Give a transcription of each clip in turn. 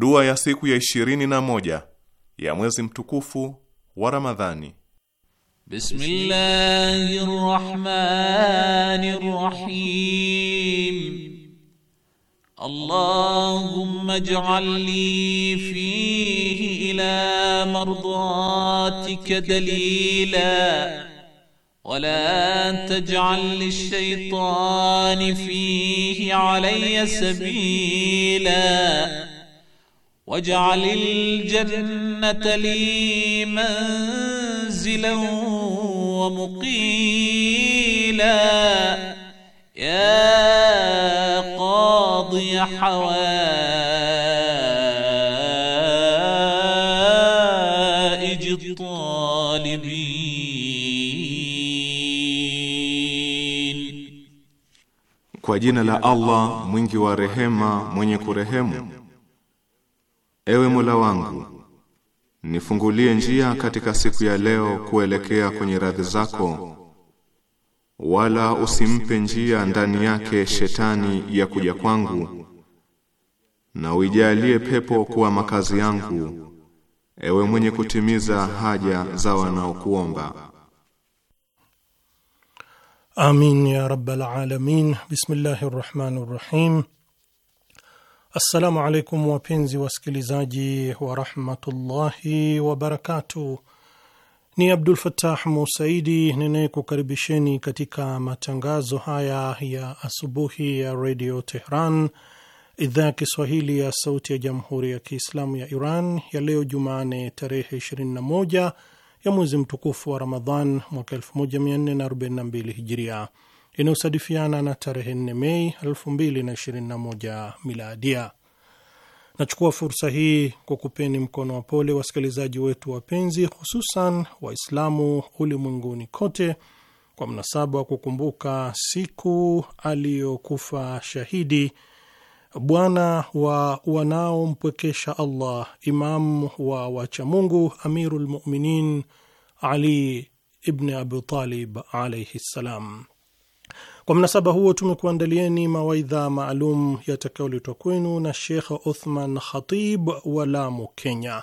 Dua ya siku ya ishirini na moja ya mwezi mtukufu wa Ramadhani. Bismillahirrahmanirrahim. Allahumma ij'al li fihi ila mardatika dalila ولا تجعل للشيطان فيه علي سبيلا واجعل الجنة لي منزلا ومقيلا يا قاضي حوائج الطالبين Kwa jina la Allah mwingi wa rehema mwenye kurehemu Ewe Mola wangu, nifungulie njia katika siku ya leo kuelekea kwenye radhi zako, wala usimpe njia ndani yake shetani ya kuja kwangu, na uijalie pepo kuwa makazi yangu, ewe mwenye kutimiza haja za wanaokuomba. Amin ya rabbal alamin. Bismillahir rahmanir rahim Assalamu alaikum wapenzi wasikilizaji warahmatullahi wabarakatuh. Ni Abdul fatah Musaidi ninayekukaribisheni katika matangazo haya ya asubuhi ya redio Tehran, idhaa ya Kiswahili ya sauti ya jamhuri ya Kiislamu ya Iran ya leo Jumane tarehe 21 ya mwezi mtukufu wa Ramadhan mwaka 1442 Hijiria, inayosadifiana na tarehe 4 Mei 2021 miladia. Nachukua fursa hii kwa kupeni mkono wa pole wasikilizaji wetu wapenzi, hususan Waislamu ulimwenguni kote kwa mnasaba wa kukumbuka siku aliyokufa shahidi bwana wa wanaompwekesha Allah, imamu wa wachamungu, amirulmuminin Ali ibn Abi Talib alaihi ssalam. Kwa mnasaba huo tumekuandalieni mawaidha maalum yatakayoletwa kwenu na Shekh Uthman Khatib wa Lamu, Kenya.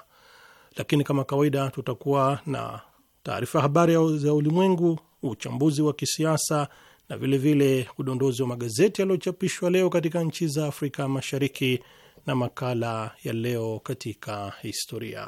Lakini kama kawaida, tutakuwa na taarifa habari za ulimwengu, uchambuzi wa kisiasa na vilevile udondozi wa magazeti yaliyochapishwa leo katika nchi za Afrika Mashariki na makala ya leo katika historia.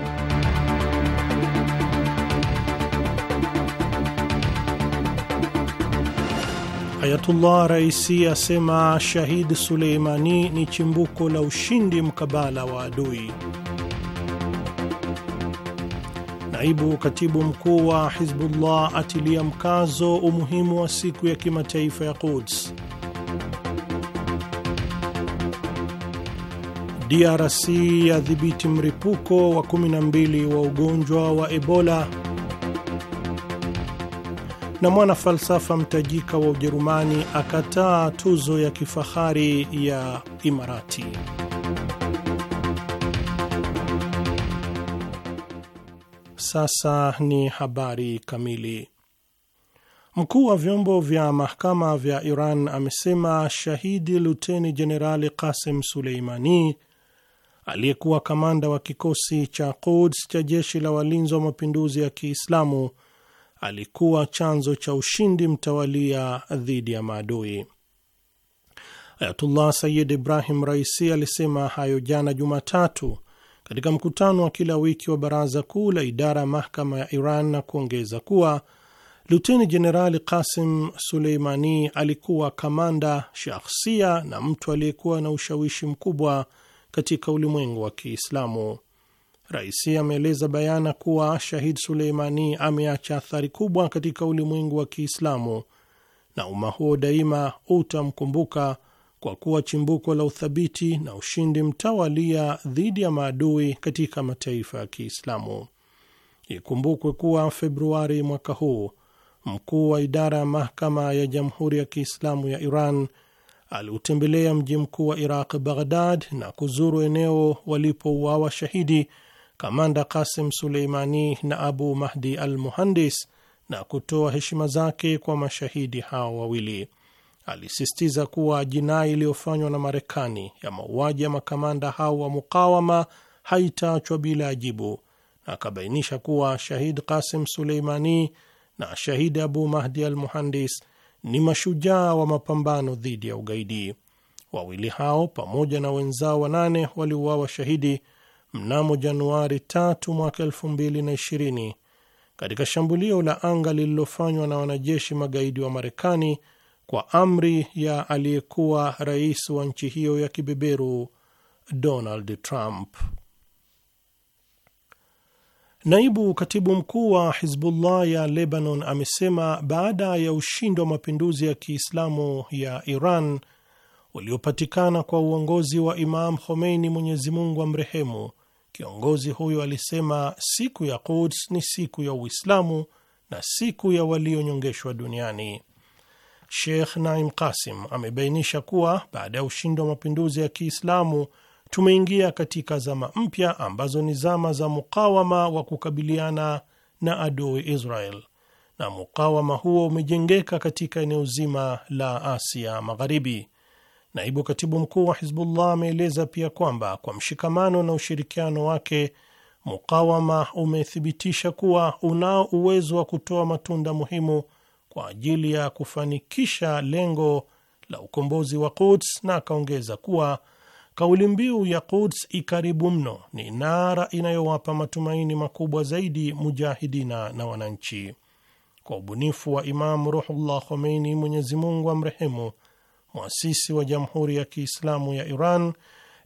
Ayatullah Raisi asema Shahid Suleimani ni chimbuko la ushindi mkabala wa adui. Naibu katibu mkuu wa Hizbullah atilia mkazo umuhimu wa siku ya kimataifa ya Quds. DRC yadhibiti mripuko wa 12 wa ugonjwa wa Ebola na mwanafalsafa mtajika wa Ujerumani akataa tuzo ya kifahari ya Imarati. Sasa ni habari kamili. Mkuu wa vyombo vya mahakama vya Iran amesema shahidi luteni jenerali Qasim Suleimani aliyekuwa kamanda wa kikosi cha Quds cha jeshi la walinzi wa mapinduzi ya Kiislamu alikuwa chanzo cha ushindi mtawalia dhidi ya maadui. Ayatullah Sayid Ibrahim Raisi alisema hayo jana Jumatatu katika mkutano wa kila wiki wa baraza kuu la idara ya mahkama ya Iran na kuongeza kuwa Luteni Jenerali kasim Suleimani alikuwa kamanda shakhsia na mtu aliyekuwa na ushawishi mkubwa katika ulimwengu wa Kiislamu. Raisi ameeleza bayana kuwa Shahid Suleimani ameacha athari kubwa katika ulimwengu wa Kiislamu na umma huo daima utamkumbuka kwa kuwa chimbuko la uthabiti na ushindi mtawalia dhidi ya maadui katika mataifa ya Kiislamu. Ikumbukwe kuwa Februari mwaka huu mkuu wa idara ya mahakama ya Jamhuri ya Kiislamu ya Iran aliutembelea mji mkuu wa Iraq, Baghdad, na kuzuru eneo walipouawa shahidi kamanda Kasim Suleimani na Abu Mahdi al Muhandis na kutoa heshima zake kwa mashahidi hao wawili. Alisisitiza kuwa jinai iliyofanywa na Marekani ya mauaji ya makamanda hao wa mukawama haitaachwa bila ajibu, na akabainisha kuwa shahid Kasim Suleimani na shahidi Abu Mahdi al Muhandis ni mashujaa wa mapambano dhidi ya ugaidi. Wawili hao pamoja na wenzao wanane waliuawa shahidi mnamo Januari 3 mwaka 2020 katika shambulio la anga lililofanywa na wanajeshi magaidi wa Marekani kwa amri ya aliyekuwa rais wa nchi hiyo ya kibeberu Donald Trump. Naibu katibu mkuu wa Hizbullah ya Lebanon amesema baada ya ushindi wa mapinduzi ya Kiislamu ya Iran uliopatikana kwa uongozi wa Imam Khomeini, Mwenyezi Mungu amrehemu, Kiongozi huyo alisema siku ya Quds ni siku ya Uislamu na siku ya walionyongeshwa duniani. Sheikh Naim Kasim amebainisha kuwa baada ya ushindi wa mapinduzi ya Kiislamu tumeingia katika zama mpya ambazo ni zama za mukawama wa kukabiliana na adui Israel, na mukawama huo umejengeka katika eneo zima la Asia Magharibi. Naibu katibu mkuu wa Hizbullah ameeleza pia kwamba kwa mshikamano na ushirikiano wake mukawama umethibitisha kuwa unao uwezo wa kutoa matunda muhimu kwa ajili ya kufanikisha lengo la ukombozi wa Quds, na akaongeza kuwa kauli mbiu ya Quds ikaribu mno ni nara inayowapa matumaini makubwa zaidi mujahidina na wananchi. Kwa ubunifu wa Imamu Ruhullah Khomeini, Mwenyezi Mungu amrehemu, mwasisi wa Jamhuri ya Kiislamu ya Iran,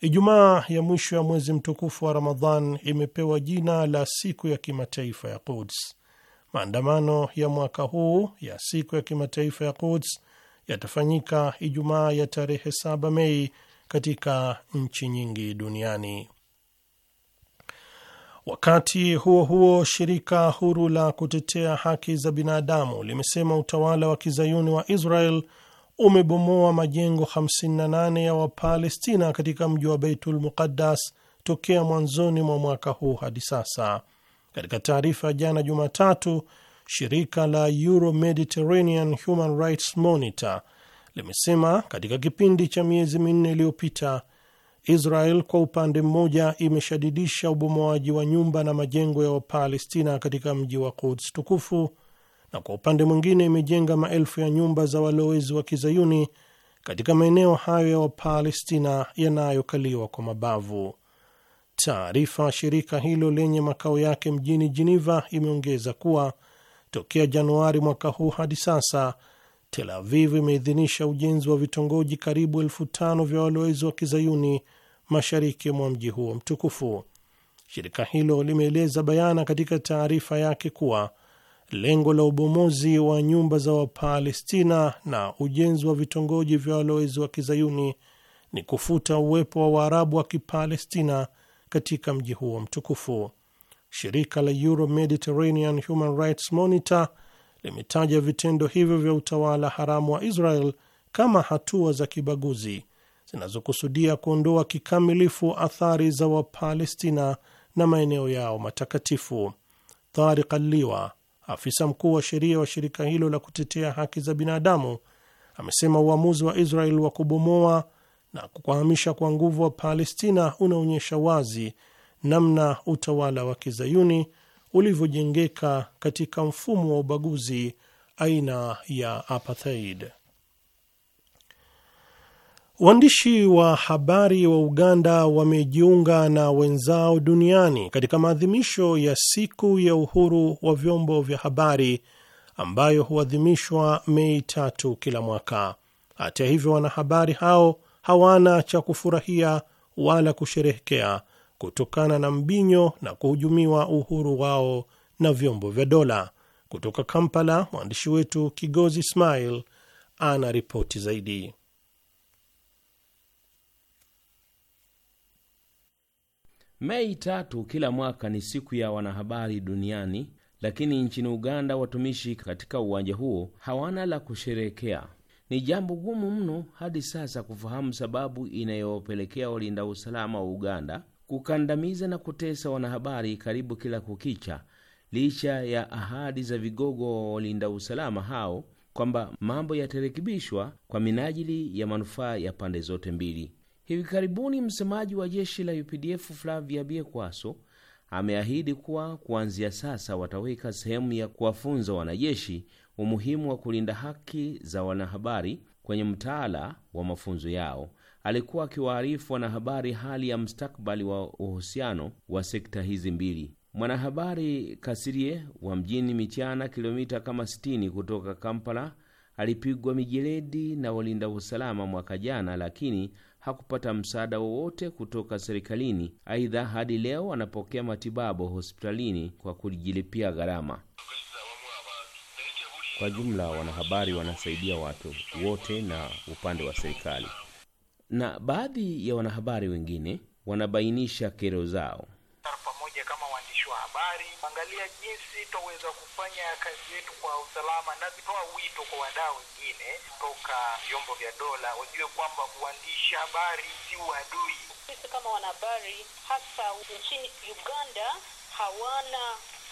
Ijumaa ya mwisho ya mwezi mtukufu wa Ramadhan imepewa jina la siku ya kimataifa ya Quds. Maandamano ya mwaka huu ya siku ya kimataifa ya Quds yatafanyika Ijumaa ya tarehe 7 Mei katika nchi nyingi duniani. Wakati huo huo, shirika huru la kutetea haki za binadamu limesema utawala wa kizayuni wa Israel umebomoa majengo 58 ya Wapalestina katika mji wa Beitul Muqaddas tokea mwanzoni mwa mwaka huu hadi sasa. Katika taarifa jana Jumatatu, shirika la Euro Mediterranean Human Rights Monitor limesema katika kipindi cha miezi minne iliyopita Israel kwa upande mmoja imeshadidisha ubomoaji wa nyumba na majengo ya Wapalestina katika mji wa Quds tukufu na kwa upande mwingine imejenga maelfu ya nyumba za walowezi wa kizayuni katika maeneo hayo ya Wapalestina yanayokaliwa kwa mabavu. Taarifa shirika hilo lenye makao yake mjini jiniva imeongeza kuwa tokea Januari mwaka huu hadi sasa Tel Aviv imeidhinisha ujenzi wa vitongoji karibu elfu tano vya walowezi wa kizayuni mashariki mwa mji huo mtukufu. Shirika hilo limeeleza bayana katika taarifa yake kuwa lengo la ubomozi wa nyumba za Wapalestina na ujenzi wa vitongoji vya walowezi wa kizayuni ni kufuta uwepo wa Waarabu wa Kipalestina katika mji huo mtukufu. Shirika la Euro Mediterranean Human Rights Monitor limetaja vitendo hivyo vya utawala haramu wa Israel kama hatua za kibaguzi zinazokusudia kuondoa kikamilifu athari za Wapalestina na maeneo yao matakatifu. Tariq Aliwa, Afisa mkuu wa sheria wa shirika hilo la kutetea haki za binadamu amesema uamuzi wa Israel wa kubomoa na kukwahamisha kwa nguvu wa Palestina unaonyesha wazi namna utawala wa kizayuni ulivyojengeka katika mfumo wa ubaguzi aina ya apartheid. Waandishi wa habari wa Uganda wamejiunga na wenzao duniani katika maadhimisho ya siku ya uhuru wa vyombo vya habari ambayo huadhimishwa Mei tatu kila mwaka. Hata hivyo, wanahabari hao hawana cha kufurahia wala kusherehekea kutokana na mbinyo na kuhujumiwa uhuru wao na vyombo vya dola. Kutoka Kampala, mwandishi wetu Kigozi Ismail ana ripoti zaidi. Mei tatu kila mwaka ni siku ya wanahabari duniani, lakini nchini Uganda watumishi katika uwanja huo hawana la kusherekea. Ni jambo gumu mno hadi sasa kufahamu sababu inayopelekea walinda usalama wa Uganda kukandamiza na kutesa wanahabari karibu kila kukicha, licha ya ahadi za vigogo wa walinda usalama hao kwamba mambo yatarekebishwa kwa minajili ya manufaa ya pande zote mbili. Hivi karibuni msemaji wa jeshi la UPDF Flavia Biekwaso ameahidi kuwa kuanzia sasa wataweka sehemu ya kuwafunza wanajeshi umuhimu wa kulinda haki za wanahabari kwenye mtaala wa mafunzo yao. Alikuwa akiwaarifu wanahabari hali ya mstakbali wa uhusiano wa sekta hizi mbili. Mwanahabari Kasirie wa mjini Michana, kilomita kama 60 kutoka Kampala, alipigwa mijeledi na walinda usalama mwaka jana, lakini hakupata msaada wowote kutoka serikalini. Aidha, hadi leo anapokea matibabu hospitalini kwa kujilipia gharama. Kwa jumla, wanahabari wanasaidia watu wote na upande wa serikali. Na baadhi ya wanahabari wengine wanabainisha kero zao kuangalia jinsi tutaweza kufanya kazi yetu kwa usalama, na kutoa wito kwa wadau wengine kutoka vyombo vya dola wajue kwamba kuandisha habari si uadui. Sisi kama wanahabari, hasa nchini Uganda, hawana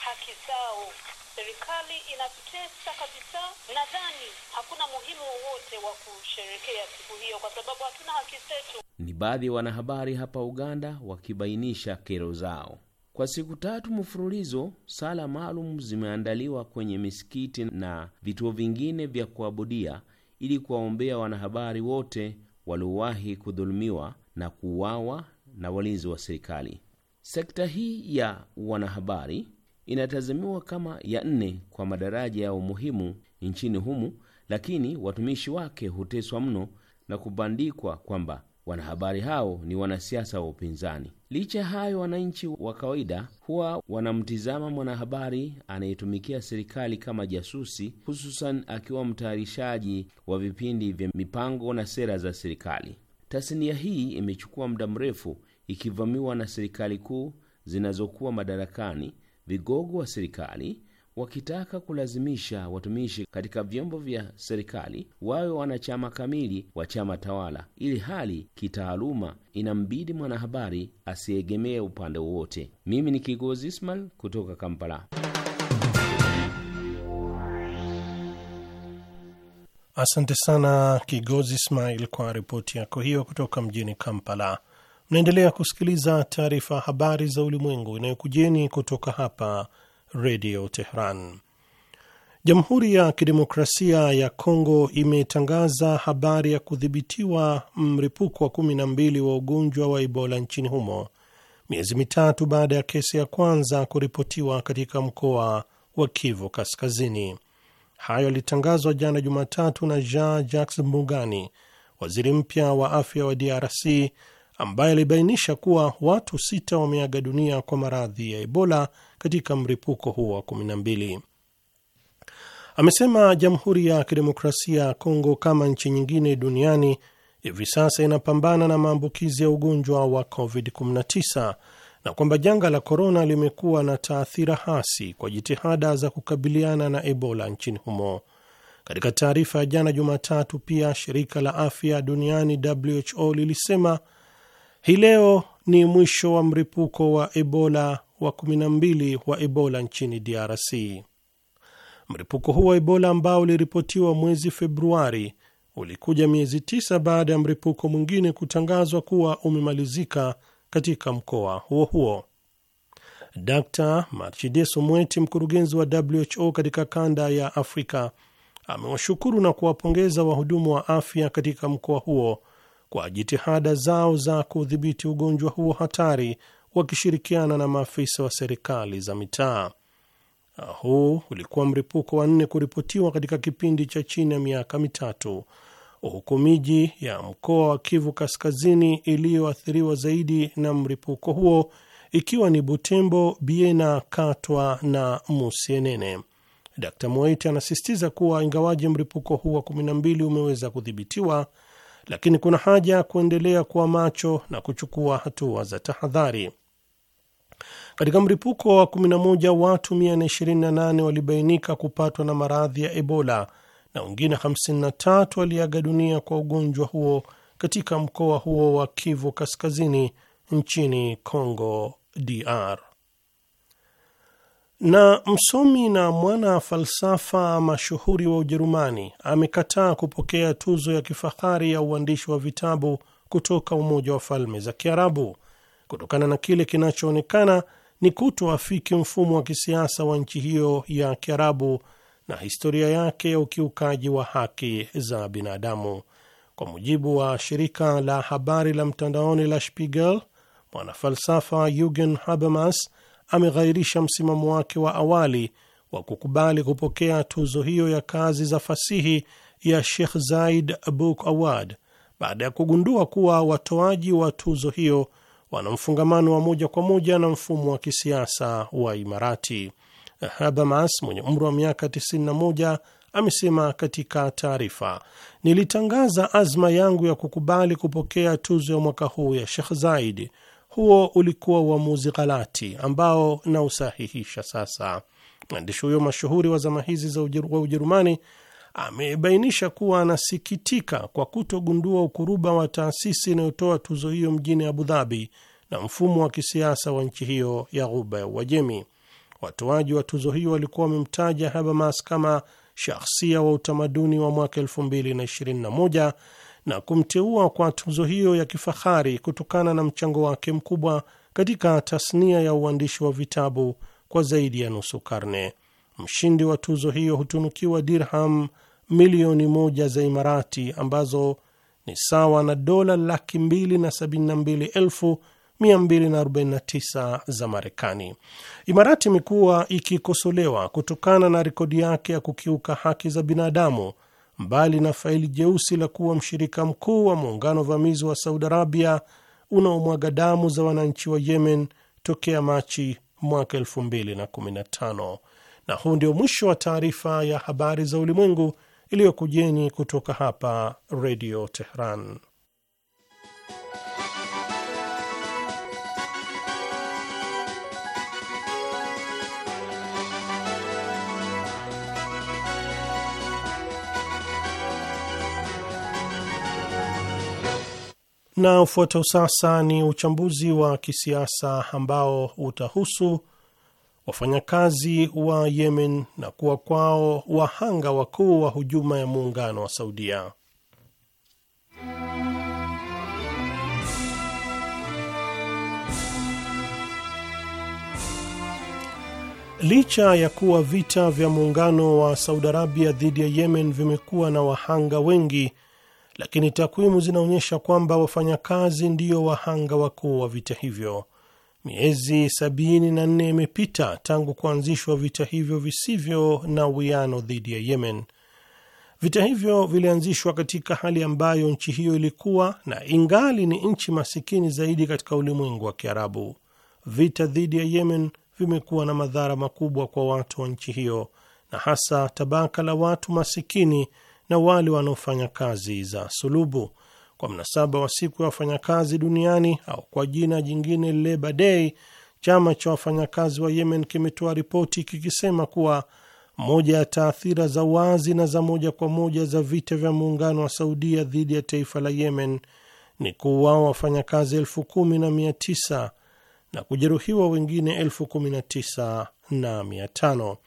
haki zao. Serikali inatutesa kabisa. Nadhani hakuna muhimu wowote wa kusherekea siku hiyo kwa sababu hatuna haki zetu. Ni baadhi ya wanahabari hapa Uganda wakibainisha kero zao. Kwa siku tatu mfululizo, sala maalum zimeandaliwa kwenye misikiti na vituo vingine vya kuabudia ili kuwaombea wanahabari wote waliowahi kudhulumiwa na kuuawa na walinzi wa serikali. Sekta hii ya wanahabari inatazamiwa kama ya nne kwa madaraja ya umuhimu nchini humu, lakini watumishi wake huteswa mno na kubandikwa kwamba wanahabari hao ni wanasiasa wa upinzani. Licha ya hayo, wananchi wa kawaida huwa wanamtizama mwanahabari anayetumikia serikali kama jasusi, hususan akiwa mtayarishaji wa vipindi vya mipango na sera za serikali. Tasnia hii imechukua muda mrefu ikivamiwa na serikali kuu zinazokuwa madarakani, vigogo wa serikali wakitaka kulazimisha watumishi katika vyombo vya serikali wawe wanachama kamili wa chama tawala, ili hali kitaaluma inambidi mwanahabari asiegemee upande wowote. Mimi ni Kigozi Ismail kutoka Kampala. Asante sana Kigozi Ismail kwa ripoti yako hiyo kutoka mjini Kampala. Mnaendelea kusikiliza taarifa habari za ulimwengu inayokujeni kutoka hapa Redio Tehran. Jamhuri ya Kidemokrasia ya Kongo imetangaza habari ya kudhibitiwa mripuko wa 12 wa ugonjwa wa Ebola nchini humo miezi mitatu baada ya kesi ya kwanza kuripotiwa katika mkoa wa Kivu Kaskazini. Hayo yalitangazwa jana Jumatatu na Jean Jacques mbugani waziri mpya wa afya wa DRC ambaye alibainisha kuwa watu sita wameaga dunia kwa maradhi ya Ebola katika mripuko huo wa 12. Amesema Jamhuri ya Kidemokrasia ya Kongo, kama nchi nyingine duniani, hivi sasa inapambana na maambukizi ya ugonjwa wa COVID-19 na kwamba janga la korona limekuwa na taathira hasi kwa jitihada za kukabiliana na Ebola nchini humo. Katika taarifa ya jana Jumatatu, pia shirika la afya duniani WHO lilisema hii leo ni mwisho wa mripuko wa Ebola wa 12 wa Ebola nchini DRC. Mripuko huu wa Ebola ambao uliripotiwa mwezi Februari ulikuja miezi tisa baada ya mripuko mwingine kutangazwa kuwa umemalizika katika mkoa huo huo. Dr Matshidiso Mweti, mkurugenzi wa WHO katika kanda ya Afrika, amewashukuru na kuwapongeza wahudumu wa afya katika mkoa huo kwa jitihada zao za kudhibiti ugonjwa huo hatari wakishirikiana na maafisa wa serikali za mitaa. Huu ulikuwa mripuko wa nne kuripotiwa katika kipindi cha chini ya miaka mitatu, huku miji ya mkoa wa Kivu Kaskazini iliyoathiriwa zaidi na mripuko huo ikiwa ni Butembo, Biena, Katwa na Musienene. d Mwaiti anasisitiza kuwa ingawaje mripuko huu wa 12 umeweza kudhibitiwa, lakini kuna haja ya kuendelea kuwa macho na kuchukua hatua za tahadhari. Katika mlipuko wa 11 watu 28 walibainika kupatwa na maradhi ya Ebola na wengine 53 waliaga dunia kwa ugonjwa huo katika mkoa huo wa Kivu Kaskazini nchini Congo DR na msomi na mwana falsafa mashuhuri wa Ujerumani amekataa kupokea tuzo ya kifahari ya uandishi wa vitabu kutoka Umoja wa Falme za Kiarabu kutokana na kile kinachoonekana ni kutoafiki mfumo wa kisiasa wa nchi hiyo ya Kiarabu na historia yake ya ukiukaji wa haki za binadamu. Kwa mujibu wa shirika la habari la mtandaoni la Spiegel, mwanafalsafa Jurgen Habermas ameghairisha msimamo wake wa awali wa kukubali kupokea tuzo hiyo ya kazi za fasihi ya Sheikh Zaid Book Award baada ya kugundua kuwa watoaji wa tuzo hiyo wana mfungamano wa moja kwa moja na mfumo wa kisiasa wa Imarati. Habermas mwenye umri wa miaka 91 amesema katika taarifa, nilitangaza azma yangu ya kukubali kupokea tuzo ya mwaka huu ya Sheikh Zaid huo ulikuwa uamuzi ghalati ambao nausahihisha sasa. Mwandishi huyo mashuhuri wa zama hizi wa Ujerumani amebainisha kuwa anasikitika kwa kutogundua ukuruba wa taasisi inayotoa tuzo hiyo mjini Abu Dhabi na mfumo wa kisiasa wa nchi hiyo ya Ghuba ya Uajemi. Watoaji wa tuzo hiyo walikuwa wamemtaja Habermas kama shahsia wa utamaduni wa mwaka 2021 na kumteua kwa tuzo hiyo ya kifahari kutokana na mchango wake mkubwa katika tasnia ya uandishi wa vitabu kwa zaidi ya nusu karne. Mshindi wa tuzo hiyo hutunukiwa dirham milioni moja za Imarati ambazo ni sawa na dola laki mbili na sabini na mbili elfu 249 za Marekani. Imarati imekuwa ikikosolewa kutokana na rekodi yake ya kukiuka haki za binadamu mbali na faili jeusi la kuwa mshirika mkuu wa muungano vamizi wa Saudi Arabia unaomwaga damu za wananchi wa Yemen tokea Machi mwaka 2015. Na huu ndio mwisho wa taarifa ya habari za ulimwengu iliyokujeni kutoka hapa Redio Tehran. Na ufuatao sasa ni uchambuzi wa kisiasa ambao utahusu wafanyakazi wa Yemen na kuwa kwao wahanga wakuu wa hujuma ya muungano wa Saudia. Licha ya kuwa vita vya muungano wa Saudi Arabia dhidi ya Yemen vimekuwa na wahanga wengi lakini takwimu zinaonyesha kwamba wafanyakazi ndio wahanga wakuu wa vita hivyo. Miezi 74 imepita tangu kuanzishwa vita hivyo visivyo na wiano dhidi ya Yemen. Vita hivyo vilianzishwa katika hali ambayo nchi hiyo ilikuwa na ingali ni nchi masikini zaidi katika ulimwengu wa Kiarabu. Vita dhidi ya Yemen vimekuwa na madhara makubwa kwa watu wa nchi hiyo na hasa tabaka la watu masikini na wale wanaofanya kazi za sulubu. Kwa mnasaba wa siku ya wafanyakazi duniani au kwa jina jingine Labor Day, chama cha wafanyakazi wa Yemen kimetoa ripoti kikisema kuwa moja ya taathira za wazi na za moja kwa moja za vita vya muungano wa Saudia dhidi ya taifa la Yemen ni kuuawa wafanyakazi elfu kumi na mia tisa na kujeruhiwa wengine elfu kumi na tisa na mia tano.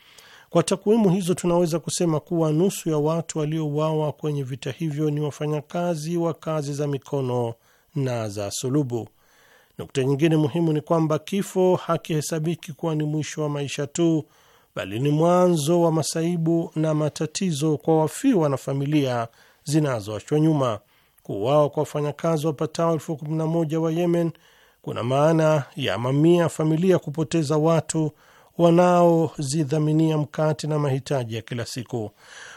Kwa takwimu hizo tunaweza kusema kuwa nusu ya watu waliouawa kwenye vita hivyo ni wafanyakazi wa kazi za mikono na za sulubu. Nukta nyingine muhimu ni kwamba kifo hakihesabiki kuwa ni mwisho wa maisha tu, bali ni mwanzo wa masaibu na matatizo kwa wafiwa na familia zinazoachwa nyuma. Kuuawa kwa wafanyakazi wapatao elfu kumi na moja wa Yemen kuna maana ya mamia familia kupoteza watu wanaozidhaminia mkate na mahitaji ya kila siku.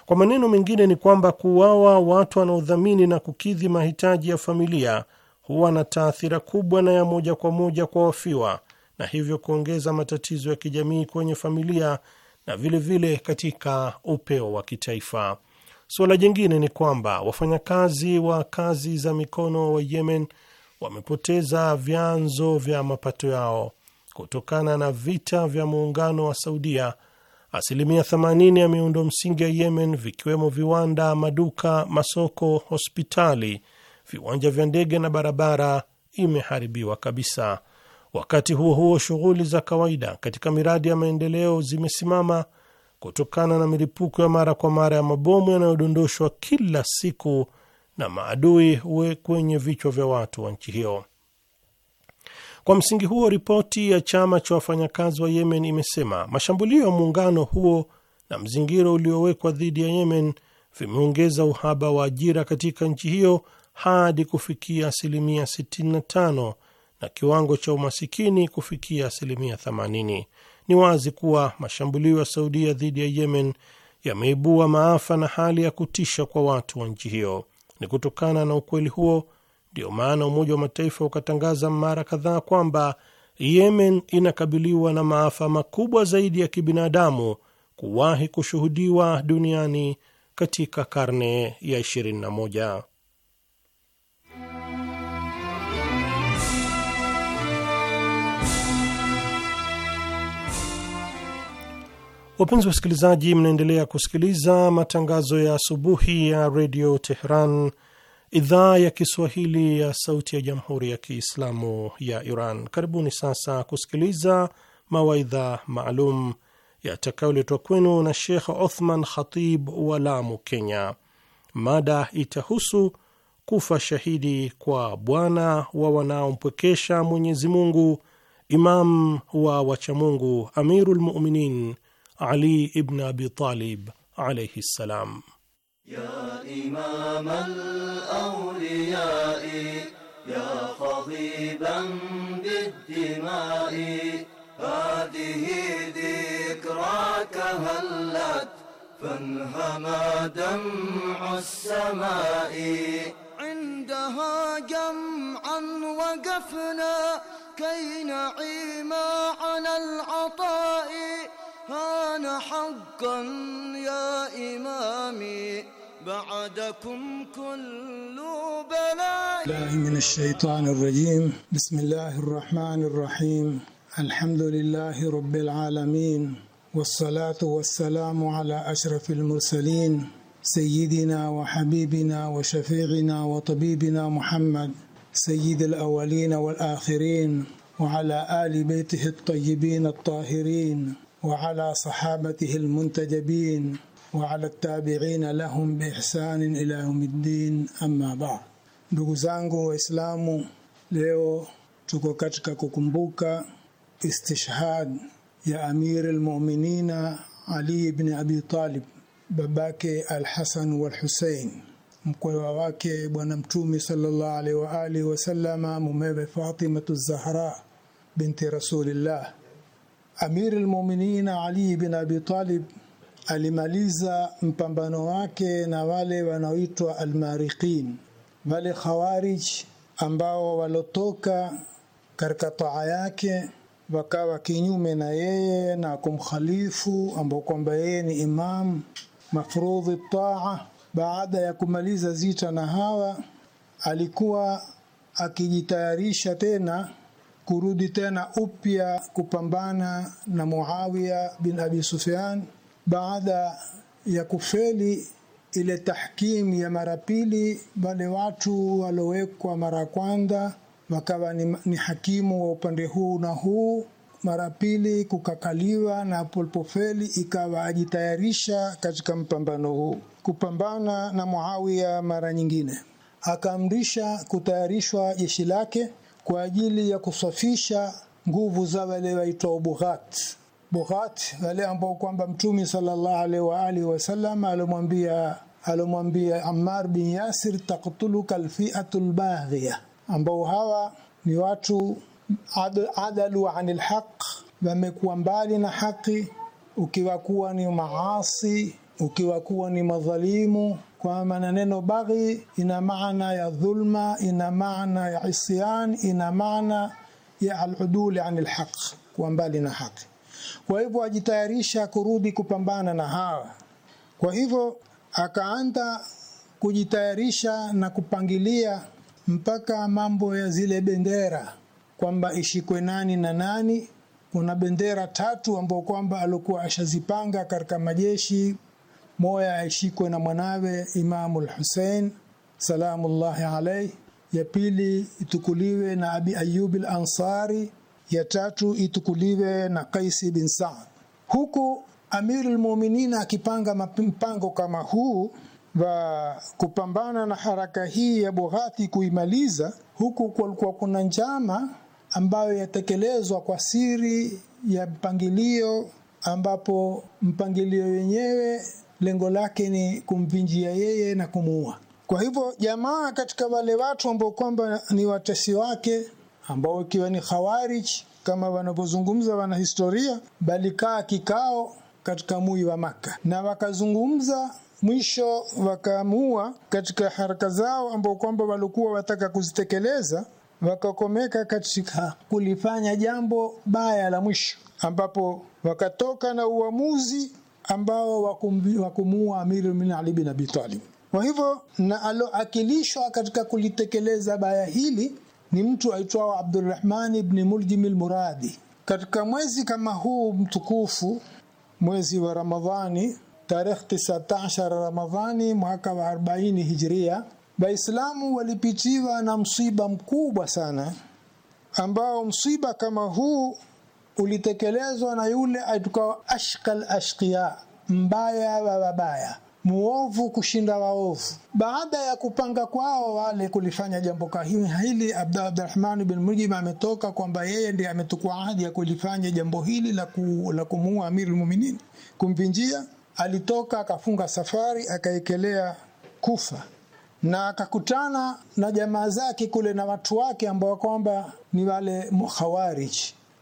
Kwa maneno mengine, ni kwamba kuuawa watu wanaodhamini na kukidhi mahitaji ya familia huwa na taathira kubwa na ya moja kwa moja kwa wafiwa na hivyo kuongeza matatizo ya kijamii kwenye familia na vilevile vile katika upeo wa kitaifa. Suala jingine ni kwamba wafanyakazi wa kazi za mikono wa Yemen wamepoteza vyanzo vya mapato yao kutokana na vita vya muungano wa Saudia, asilimia 80 ya miundo msingi ya Yemen, vikiwemo viwanda, maduka, masoko, hospitali, viwanja vya ndege na barabara, imeharibiwa kabisa. Wakati huo huo, shughuli za kawaida katika miradi ya maendeleo zimesimama kutokana na milipuko ya mara kwa mara ya mabomu yanayodondoshwa kila siku na maadui we kwenye vichwa vya watu wa nchi hiyo. Kwa msingi huo, ripoti ya chama cha wafanyakazi wa Yemen imesema mashambulio ya muungano huo na mzingiro uliowekwa dhidi ya Yemen vimeongeza uhaba wa ajira katika nchi hiyo hadi kufikia asilimia 65 na kiwango cha umasikini kufikia asilimia 80. Ni wazi kuwa mashambulio ya Saudia dhidi ya Yemen yameibua maafa na hali ya kutisha kwa watu wa nchi hiyo. Ni kutokana na ukweli huo Ndiyo maana Umoja wa Mataifa ukatangaza mara kadhaa kwamba Yemen inakabiliwa na maafa makubwa zaidi ya kibinadamu kuwahi kushuhudiwa duniani katika karne ya 21. Wapenzi wasikilizaji, mnaendelea kusikiliza matangazo ya asubuhi ya redio Tehran, idhaa ya Kiswahili ya Sauti ya Jamhuri ya Kiislamu ya Iran. Karibuni sasa kusikiliza mawaidha maalum yatakayoletwa kwenu na Shekh Othman Khatib wa Lamu, Kenya. Mada itahusu kufa shahidi kwa bwana wa wanaompwekesha Mwenyezi Mungu, Imam wa wachamungu Amirul Ali ibn Abi Talib alaihi ssalam. يا إمام الأولياء يا خضيبا بالدماء هذه ذكراك هلت فانهمى دمع السماء عندها جمعا وقفنا كي نعيم على العطاء هان حقا يا إمامي بعدكم كل بلاء الله من الشيطان الرجيم بسم الله الرحمن الرحيم الحمد لله رب العالمين والصلاة والسلام على أشرف المرسلين سيدنا وحبيبنا وشفيعنا وطبيبنا محمد سيد الأولين والآخرين وعلى آل بيته الطيبين الطاهرين وعلى صحابته المنتجبين وعلى التابعين لهم بإحسان ila yaumi ddin amma ba'd. Ndugu zangu Waislamu, leo tuko katika kukumbuka istishhad ya Amir lmuminina muminina Ali ibn Abi Talib, babake alhasan hasan mkwewa wake Bwana Mtume sallallahu alaihi wa alihi wasallama, mumewe Fatimatu Zahra binti Rasulillah. Amir al Ali ibn Abi Talib alimaliza mpambano wake na wale wanaoitwa almariqin, wale khawarij ambao walotoka katika taa yake wakawa kinyume na yeye na kumkhalifu, ambao kwamba yeye ni imam mafrudhi taa. Baada ya kumaliza zita na hawa, alikuwa akijitayarisha tena kurudi tena upya kupambana na Muawiya bin Abi Sufyan baada ya kufeli ile tahkimu ya mara pili, wale watu walowekwa mara kwanza wakawa ni, ni hakimu wa upande huu na huu mara pili kukakaliwa na polpofeli ikawa ajitayarisha katika mpambano huu kupambana na Muawiya. Mara nyingine akaamrisha kutayarishwa jeshi lake kwa ajili ya kusafisha nguvu za wale waitwa ubughat, bughat wale ambao kwamba mtume sallallahu alaihi wa alihi wasallam alimwambia alomwambia Ammar bin Yasir taqtuluka alfi'atul baghiya, ambao hawa ni watu adalu anil lhaq wamekuwa mbali na haki, ukiwakuwa ni maasi, ukiwakuwa ni madhalimu. Kwa maana neno baghi ina maana ya dhulma, ina maana ya isyan, ina maana ya aluduli an haq, kuwa mbali na haki. Kwa hivyo ajitayarisha kurudi kupambana na hawa. Kwa hivyo akaanza kujitayarisha na kupangilia mpaka mambo ya zile bendera kwamba ishikwe nani na nani. Kuna bendera tatu ambao kwamba alikuwa ashazipanga katika majeshi, moya aishikwe na mwanawe imamu lhusein salamullahi alayhi, ya pili itukuliwe na Abi ayubi al ya tatu itukuliwe na Qaisi bin Saad. Huku Amirul Mu'minin akipanga mpango kama huu wa kupambana na haraka hii ya Bughati kuimaliza, huku kulikuwa kuna njama ambayo yatekelezwa kwa siri ya mpangilio, ambapo mpangilio wenyewe lengo lake ni kumvinjia yeye na kumuua. Kwa hivyo jamaa katika wale watu ambao kwamba ni watesi wake ambao ikiwa ni Khawarij kama wanavyozungumza wanahistoria, balikaa kikao katika mui wa Makka na wakazungumza mwisho wakaamua katika haraka zao ambao kwamba walikuwa wataka kuzitekeleza, wakakomeka katika kulifanya jambo baya la mwisho, ambapo wakatoka na uamuzi ambao wakumua Amiru min Ali bin Abi Talib. Kwa hivyo na aloakilishwa katika kulitekeleza baya hili ni mtu aitwao Abdurrahman ibn Muljim al-Muradi. Katika mwezi kama huu mtukufu, mwezi wa Ramadhani, tarehe 19 Ramadhani mwaka wa 40 Hijria, Waislamu walipitiwa na msiba mkubwa sana, ambao msiba kama huu ulitekelezwa na yule aitwao Ashqal Ashqiya, mbaya wa wabaya muovu kushinda waovu. Baada ya kupanga kwao wale kulifanya jambo hili, Abdallah Abdurrahman bin mujim ametoka kwamba yeye ndiye ametukua ahadi ya kulifanya jambo hili la, ku, la kumuua Amirul lmuminin kumvinjia Alitoka akafunga safari akaekelea Kufa na akakutana na jamaa zake kule na watu wake ambao kwamba ni wale Khawarij,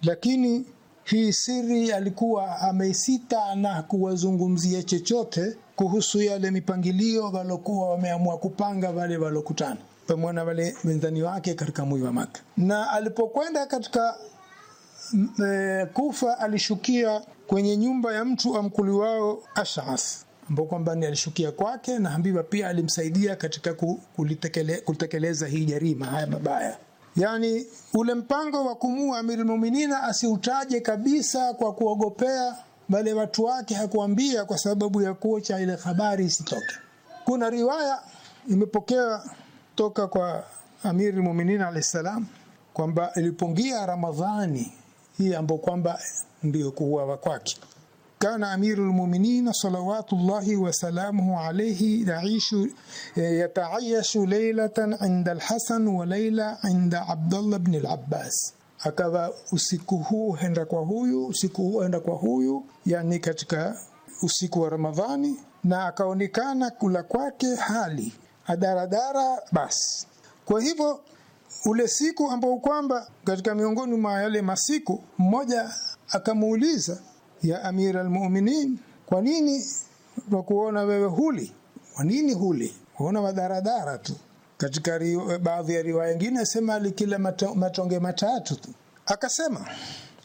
lakini hii siri alikuwa ameisita na kuwazungumzia chochote kuhusu yale mipangilio walokuwa wameamua kupanga wale walokutana pamoja na wale wenzani wake katika mji wa Maka. Na alipokwenda katika e, Kufa alishukia kwenye nyumba ya mtu amkuli wao Ashas, ambao kwamba ni alishukia kwake na ambiwa pia alimsaidia katika kulitekele, kutekeleza hii jarima haya mabaya. Yaani ule mpango wa kumua Amirul asiutaje kabisa kwa kuogopea bali watu wake hakuambia kwa sababu ya kuocha ile habari isitoke. Kuna riwaya imepokewa toka kwa Amiri Mu'minin salam kwamba ilipongia Ramadhani hii ambao kwamba ndio kuuawa kwake kana amiru mu'minin salawatullahi wasalamuhu alaihi yaishu e, yataayashu leilatan 'inda lhasan wa leila 'inda abdallah ibn al akawa usiku huu henda kwa huyu, usiku huu henda kwa huyu, yani katika usiku wa Ramadhani, na akaonekana kula kwake hali adaradara. Basi kwa hivyo ule siku ambao kwamba katika miongoni mwa yale masiku, mmoja akamuuliza ya Amira Almu'minin, kwa nini wakuona wewe huli? Kwa nini huli? kuona madaradara tu katika baadhi ya riwaya ingine asema alikila matonge matatu tu, akasema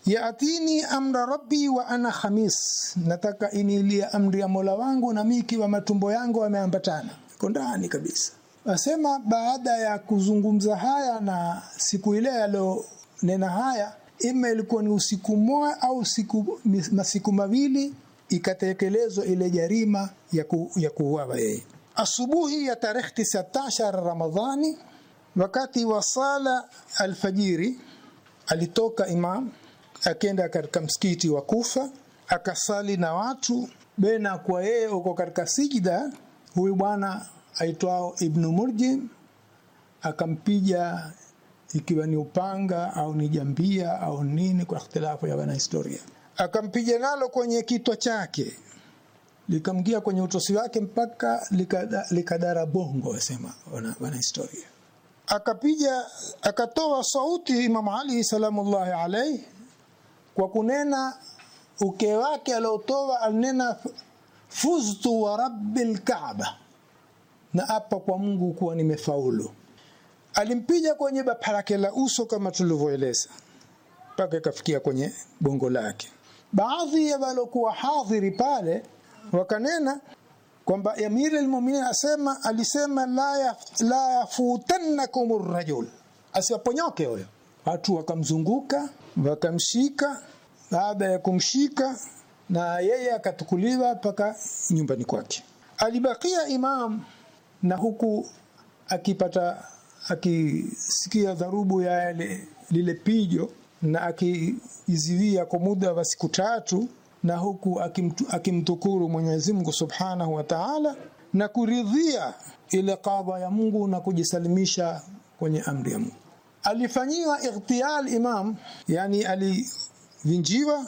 yaatini amra rabbi wa ana khamis, nataka inilia amri ya Mola wangu na miki ikiwa matumbo yangu ameambatana ko ndani kabisa. Asema baada ya kuzungumza haya na siku ile alionena haya, ima ilikuwa ni usiku moa au siku masiku mawili, ikatekelezwa ile jarima ya kuuawa yeye asubuhi ya tarehe 19 Ramadhani, wakati wa sala alfajiri, alitoka imam akenda katika msikiti wa Kufa akasali na watu bena, kwa yeye uko katika sijida, huyu bwana aitwao Ibnu Murjim akampiga ikiwa ni upanga au ni jambia au nini, kwa ikhtilafu ya wanahistoria, akampiga nalo kwenye kitwa chake likamgia kwenye utosi wake mpaka likadara lika bongo, wasema wanahistoria. akapija akatoa sauti imam Ali salamullahi alaihi kwa kunena uke wake aliotoa, alinena fuztu wa rabi lkaba na apa kwa Mungu kuwa nimefaulu. alimpija kwenye bapa lake la uso kama tulivyoeleza, mpaka ikafikia kwenye bongo lake. Baadhi ya walokuwa hadhiri pale wakanena kwamba Amir al-Mu'minin asema alisema la ya, la yafutannakum rajul asiwaponyoke huyo. Watu wakamzunguka wakamshika, baada ya kumshika na yeye akatukuliwa mpaka nyumbani kwake. Alibakia imam na huku akipata akisikia dharubu ya lile pijo na akiiziwia kwa muda wa siku tatu na huku akimtukuru Mwenyezi Mungu Subhanahu wa Ta'ala na kuridhia ile kadha ya Mungu na kujisalimisha kwenye amri ya Mungu. Alifanyiwa ightial imam, yani alivinjiwa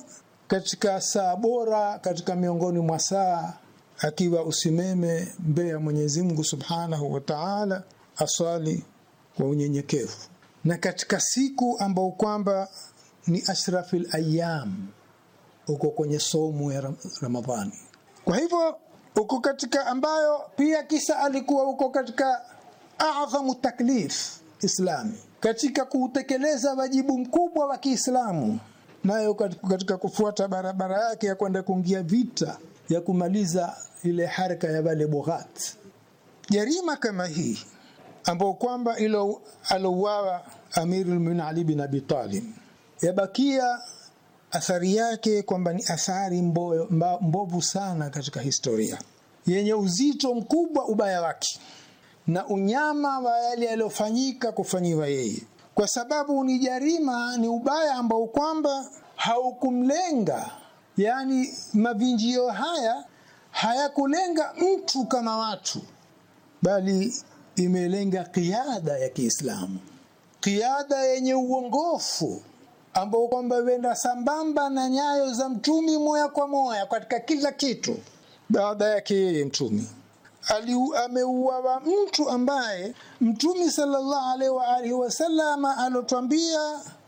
katika saa bora katika miongoni mwa saa, akiwa usimeme mbele ya Mwenyezi Mungu Subhanahu wa Ta'ala, aswali kwa unyenyekevu, na katika siku ambao kwamba ni ashrafil ayyam uko kwenye somo ya Ramadhani. Kwa hivyo uko katika ambayo pia kisa alikuwa uko katika adhamu taklif Islami, katika kuutekeleza wajibu mkubwa wa Kiislamu, nayo katika kufuata barabara yake ya kwenda kuingia vita ya kumaliza ile haraka ya wale bughat. Jarima kama hii ambayo kwamba ilo alouawa Amirul Mu'minin Ali bin Abi Talib yabakia athari yake kwamba ni athari mboyo, mba, mbovu sana katika historia yenye uzito mkubwa ubaya wake na unyama wa yale yaliyofanyika kufanyiwa yeye, kwa sababu ni jarima, ni ubaya ambao kwamba haukumlenga, yani mavinjio haya hayakulenga mtu kama watu, bali imelenga kiada ya Kiislamu, kiada yenye uongofu ambao kwamba wenda sambamba na nyayo za mtumi moya kwa moya katika kila kitu baada yake yeye mtumi ameuawa mtu ambaye mtumi sallallahu alaihi wa alihi wasallam alotwambia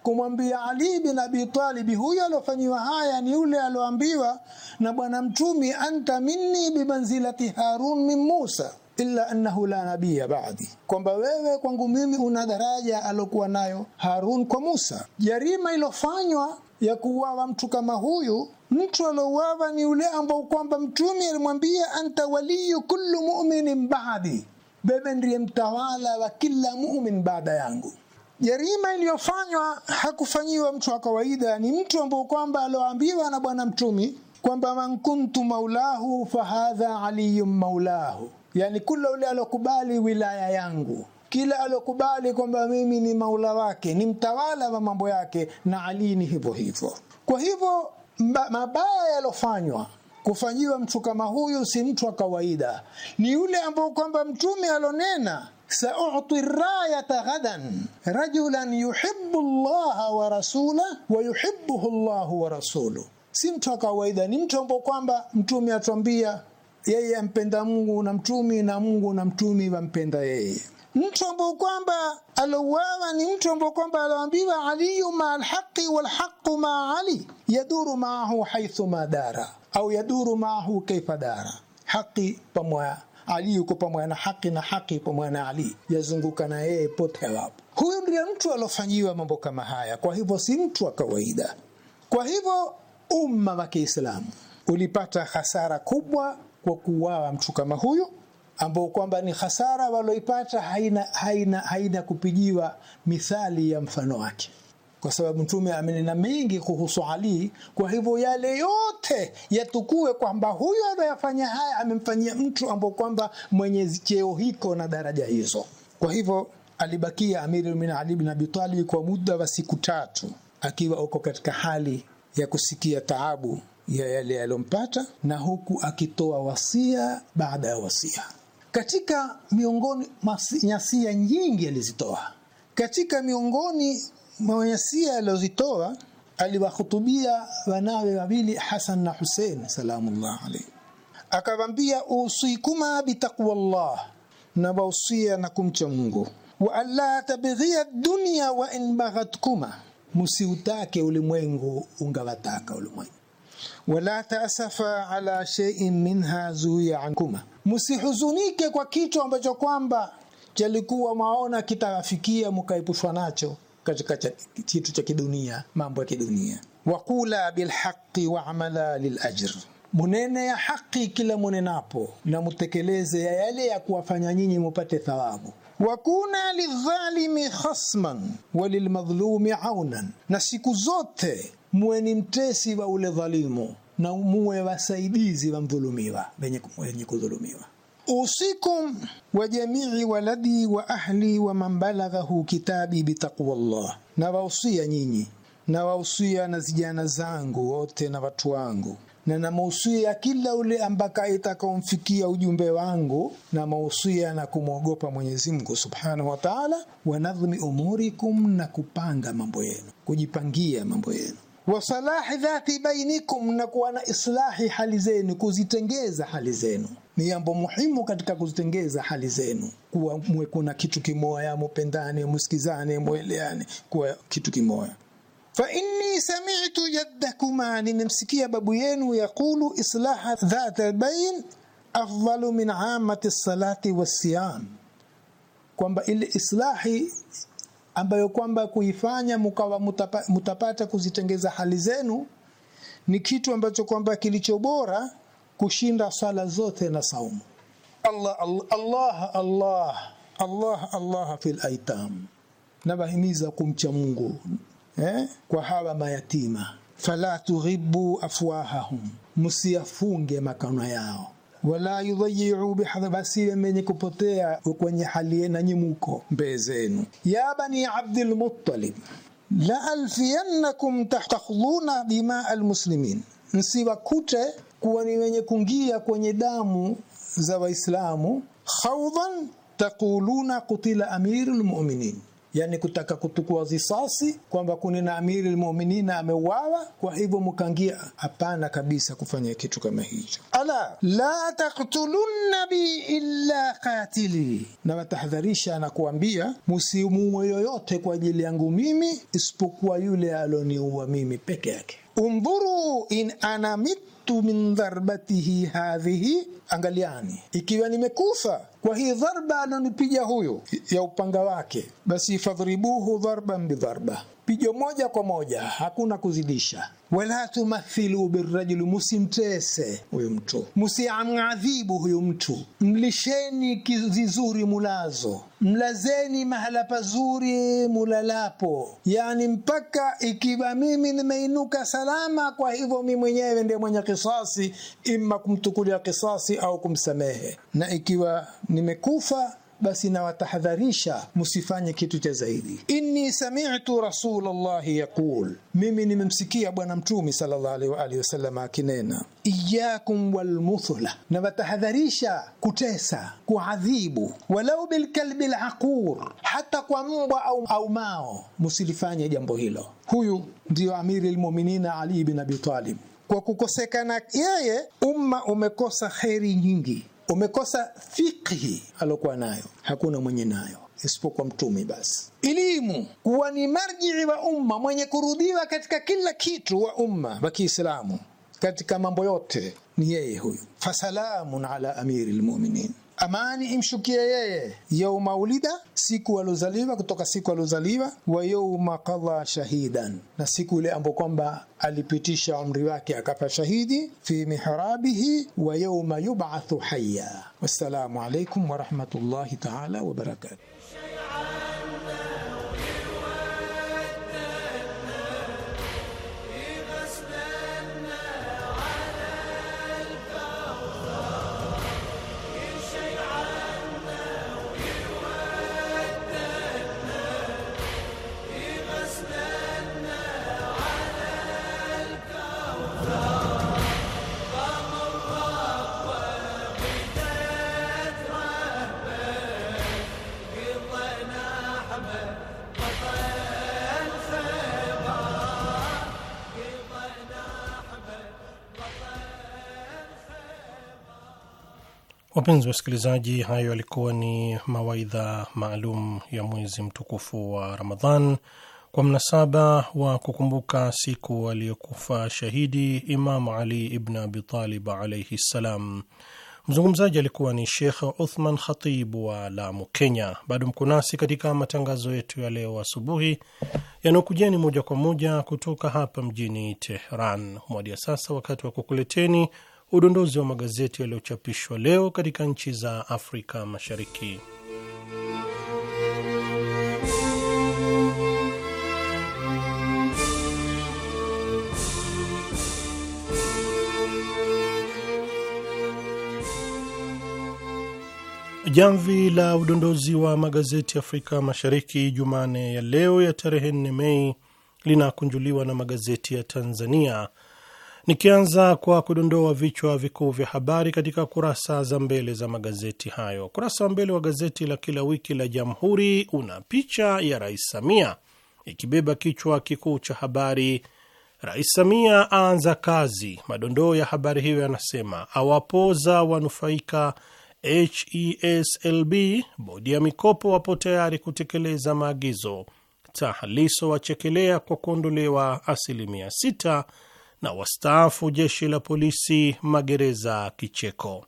kumwambia Ali bin Abi Talib huyo alofanywa haya ni yule aloambiwa na bwana mtumi anta minni bimanzilati Harun min Musa illa annahu la nabiyya ba'di, kwamba wewe kwangu mimi una daraja alokuwa nayo Harun kwa Musa. Jarima ilofanywa ya kuuawa mtu kama huyu, mtu alouawa ni yule ambao kwamba Mtume alimwambia anta waliyu kullu mu'minin ba'di, bebe ndiye mtawala wa kila mumin baada yangu. Jarima iliyofanywa hakufanyiwa mtu wa kawaida, ni mtu ambao kwamba aloambiwa na Bwana Mtume kwamba man kuntu maulahu fahadha aliyun maulahu yani kula ule alokubali wilaya yangu kila alokubali kwamba mimi ni maula wake ni mtawala wa mambo yake na Ali ni hivyo hivyo kwa hivyo mabaya yalofanywa kufanyiwa mtu kama huyu si mtu wa kawaida ni yule ambao kwamba mtume alonena سأعطي الراية غدا رجلا يحب الله ورسوله llahu wa rasulu si mtu wa kawaida ni mtu ambao kwamba mtume atwambia yeye ampenda Mungu na mtumi na Mungu na mtumi wampenda yeye mtu ambao kwamba alouawa ni mtu ambao kwamba aloambiwa aliyu maa alhaqi walhaqu maa ali yaduru maahu ma dara au yaduru maahu kaifa dara haqi pamoja ali yuko pamoja na haki na haki pamoja na Ali yazunguka na yeye pote hapo. Huyu ndiye mtu alofanyiwa mambo kama haya, kwa hivyo si mtu wa kawaida. Kwa hivyo umma wa Kiislamu ulipata hasara kubwa kwa kuuawa mtu kama huyo ambao kwamba ni hasara waloipata haina, haina, haina kupigiwa mithali ya mfano wake kwa sababu mtume amenena mengi kuhusu Ali. Kwa hivyo yale yote yatukue kwamba huyu anayafanya haya amemfanyia mtu ambao kwamba mwenye cheo hiko na daraja hizo. Kwa hivyo alibakia Amiri min Ali bin Abi Talib kwa muda wa siku tatu akiwa uko katika hali ya kusikia taabu ya yale yaliyompata na huku akitoa wasia baada ya wasia. Katika miongoni nyasia nyingi alizitoa, katika miongoni mwa nyasia aliyozitoa aliwahutubia wanawe wawili Hasan na Husein salamullah alayhi, akawaambia usikuma bitaqwallah, na wausia na kumcha Mungu wa alla tabghia dunya wa in baghatkuma, musiutake ulimwengu ungawataka ulimwengu wala taasafa ala shay'in minha zuya ankuma, msihuzunike kwa kitu ambacho kwamba chalikuwa mwaona kitawafikia mkaepushwa nacho katika kitu cha kidunia, mambo ya kidunia. Waqula bilhaqi wa'mala lilajr, munene ya haqi kila munenapo, na mutekeleze ya yale ya kuwafanya nyinyi mupate thawabu wakuna lidhalimi khasman walilmadhlumi aunan, na siku zote muwe ni mtesi wa ule dhalimu na muwe wasaidizi wa mdhulumiwa wenye kudhulumiwa usikum wa jamii waladi wa ahli wa man balaghahu kitabi bitaqwa Allah na wausia nyinyi na wausia na zijana zangu wote na watu wangu na na mausia kila ule ambaka itakomfikia ujumbe wangu na mausia na kumwogopa Mwenyezi Mungu Subhanahu wa Ta'ala, wanadhmi umurikum, na kupanga mambo yenu, kujipangia mambo yenu wa salahi dhati bainikum, na kuwa na islahi hali zenu, kuzitengeza hali zenu ni jambo muhimu katika kuzitengeza hali zenu, kuwa mwe kuna kitu kimoya, mupendane, musikizane, mweleane, kuwa kitu kimoya. Fa inni sami'tu jaddakuma, nimemsikia babu yenu yaqulu islaha dhat bain afdalu min amati salati wasiyam, kwamba ile islahi ambayo kwamba kuifanya mkawa mutapa, mutapata kuzitengeza hali zenu ni kitu ambacho kwamba kilicho bora kushinda sala zote na saumu. Allah Allah Allah Allah Allah, Allah fil aitam, nabahimiza kumcha Mungu eh, kwa hawa mayatima. Fala tughibu afwahahum, msiyafunge makano yao wala yudhayiu bihadha, basiwe mwenye kupotea kwenye hali na nyimuko mbee zenu. Ya bani Abdul Muttalib la alfiyannakum tahdhuna dima almuslimin, msiwakute kuwa ni wenye kungia kwenye damu za Waislamu. Khawdan taquluna qutila amirul mu'minin yani kutaka kutukua zisasi kwamba kuni na amiri lmuminina ameuawa, kwa hivyo mkangia. Hapana kabisa kufanya kitu kama hicho. Ala la taktulun nabi illa katili na watahadharisha na kuambia musimuue yoyote kwa ajili yangu mimi isipokuwa yule aloniua mimi peke yake. Undhuru in ana min dharbatihi hadhihi, angaliani ikiwa nimekufa kwa hii dharba ananipiga huyu ya upanga wake, basi fadhribuhu dharban bidharba pigo moja kwa moja, hakuna kuzidisha. Wala tumathilu birajuli, musimtese huyu mtu, musiamadhibu huyu mtu. Mlisheni vizuri mulazo, mlazeni mahala pazuri mulalapo, yani mpaka ikiwa mimi nimeinuka salama. Kwa hivyo mimi mwenyewe ndiye mwenye kisasi, imma kumtukulia kisasi au kumsamehe, na ikiwa nimekufa basi nawatahadharisha msifanye kitu cha zaidi. Inni sami'tu rasulullahi yaqul, mimi nimemsikia Bwana Mtume sallallahu alaihi wa alihi wasallam akinena, iyakum walmuthla, nawatahadharisha kutesa, kuadhibu, walau bilkalbi laqur, hata kwa mbwa au, au mao, msilifanye jambo hilo. Huyu ndiyo amiri lmuminina Ali bin Abi Talib. Kwa kukosekana yeye, umma umekosa kheri nyingi umekosa fikhi aliokuwa nayo, hakuna mwenye nayo isipokuwa mtume basi. Elimu kuwa ni marjii wa umma, mwenye kurudiwa katika kila kitu wa umma wa Kiislamu katika mambo yote ni yeye huyu. Fasalamun ala amiri lmuminin amani imshukie yeye yauma ulida siku aliozaliwa kutoka siku aliozaliwa wa yauma qadha shahidan na siku ile ambapo kwamba alipitisha umri wake akafa shahidi fi mihrabihi wa yauma yub'athu hayya wassalamu alaykum wa rahmatullahi ta'ala wa barakatuh Wapenzi wasikilizaji, hayo yalikuwa ni mawaidha maalum ya mwezi mtukufu wa Ramadhan kwa mnasaba wa kukumbuka siku aliyokufa shahidi Imamu Ali ibn Abitalib alaihi ssalam. Mzungumzaji alikuwa ni Shekh Uthman Khatibu wa Lamu, Kenya. Bado mko nasi katika matangazo yetu ya leo asubuhi yanayokujeni moja kwa moja kutoka hapa mjini Teheran. Mwadia sasa wakati wa kukuleteni udondozi wa magazeti yaliyochapishwa leo katika nchi za Afrika Mashariki. Jamvi la udondozi wa magazeti Afrika Mashariki Jumane ya leo ya tarehe 4 Mei linakunjuliwa na magazeti ya Tanzania Nikianza kwa kudondoa vichwa vikuu vya habari katika kurasa za mbele za magazeti hayo. Kurasa wa mbele wa gazeti la kila wiki la Jamhuri una picha ya Rais Samia ikibeba kichwa kikuu cha habari, Rais Samia aanza kazi. Madondoo ya habari hiyo yanasema awapoza wanufaika HESLB, bodi ya mikopo wapo tayari kutekeleza maagizo. Tahaliso wachekelea kwa kuondolewa asilimia sita na wastaafu jeshi la polisi magereza kicheko.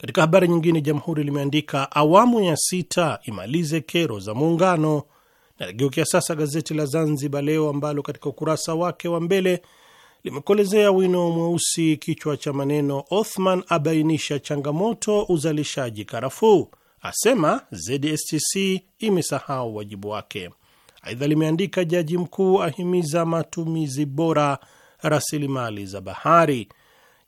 Katika habari nyingine, Jamhuri limeandika awamu ya sita imalize kero za muungano. na ligeukia sasa gazeti la Zanzibar Leo ambalo katika ukurasa wake wa mbele limekolezea wino mweusi kichwa cha maneno Othman abainisha changamoto uzalishaji karafuu, asema ZSTC imesahau wajibu wake. Aidha limeandika jaji mkuu ahimiza matumizi bora rasilimali za bahari.